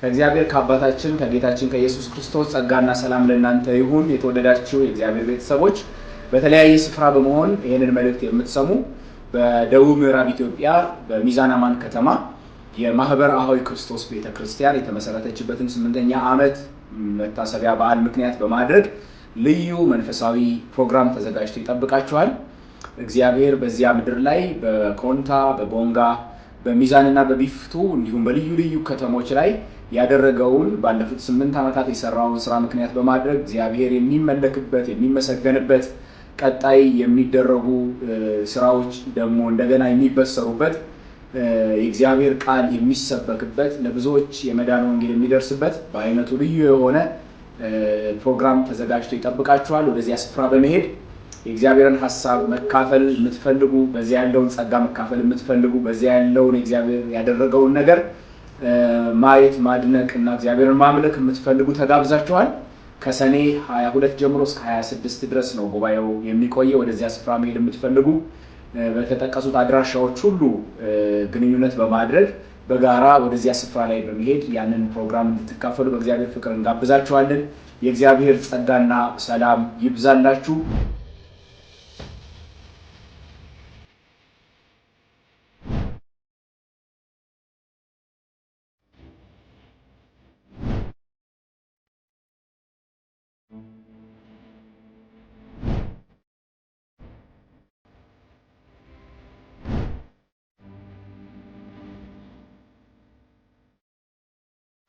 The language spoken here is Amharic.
ከእግዚአብሔር ከአባታችን ከጌታችን ከኢየሱስ ክርስቶስ ጸጋና ሰላም ለእናንተ ይሁን። የተወደዳችሁ የእግዚአብሔር ቤተሰቦች በተለያየ ስፍራ በመሆን ይህንን መልእክት የምትሰሙ በደቡብ ምዕራብ ኢትዮጵያ በሚዛን አማን ከተማ የማህበር አኃዊ ክርስቶስ ቤተ ክርስቲያን የተመሰረተችበትን ስምንተኛ ዓመት መታሰቢያ በዓል ምክንያት በማድረግ ልዩ መንፈሳዊ ፕሮግራም ተዘጋጅቶ ይጠብቃችኋል። እግዚአብሔር በዚያ ምድር ላይ በኮንታ በቦንጋ በሚዛንና በቢፍቱ እንዲሁም በልዩ ልዩ ከተሞች ላይ ያደረገውን ባለፉት ስምንት ዓመታት የሰራውን ስራ ምክንያት በማድረግ እግዚአብሔር የሚመለክበት የሚመሰገንበት ቀጣይ የሚደረጉ ስራዎች ደግሞ እንደገና የሚበሰሩበት የእግዚአብሔር ቃል የሚሰበክበት ለብዙዎች የመዳን ወንጌል የሚደርስበት በአይነቱ ልዩ የሆነ ፕሮግራም ተዘጋጅቶ ይጠብቃችኋል። ወደዚያ ስፍራ በመሄድ የእግዚአብሔርን ሀሳብ መካፈል የምትፈልጉ በዚያ ያለውን ጸጋ መካፈል የምትፈልጉ በዚያ ያለውን እግዚአብሔር ያደረገውን ነገር ማየት ማድነቅ እና እግዚአብሔርን ማምለክ የምትፈልጉ ተጋብዛችኋል። ከሰኔ 22 ጀምሮ እስከ 26 ድረስ ነው ጉባኤው የሚቆየው። ወደዚያ ስፍራ መሄድ የምትፈልጉ በተጠቀሱት አድራሻዎች ሁሉ ግንኙነት በማድረግ በጋራ ወደዚያ ስፍራ ላይ በመሄድ ያንን ፕሮግራም እንድትካፈሉ በእግዚአብሔር ፍቅር እንጋብዛችኋለን። የእግዚአብሔር ጸጋና ሰላም ይብዛላችሁ።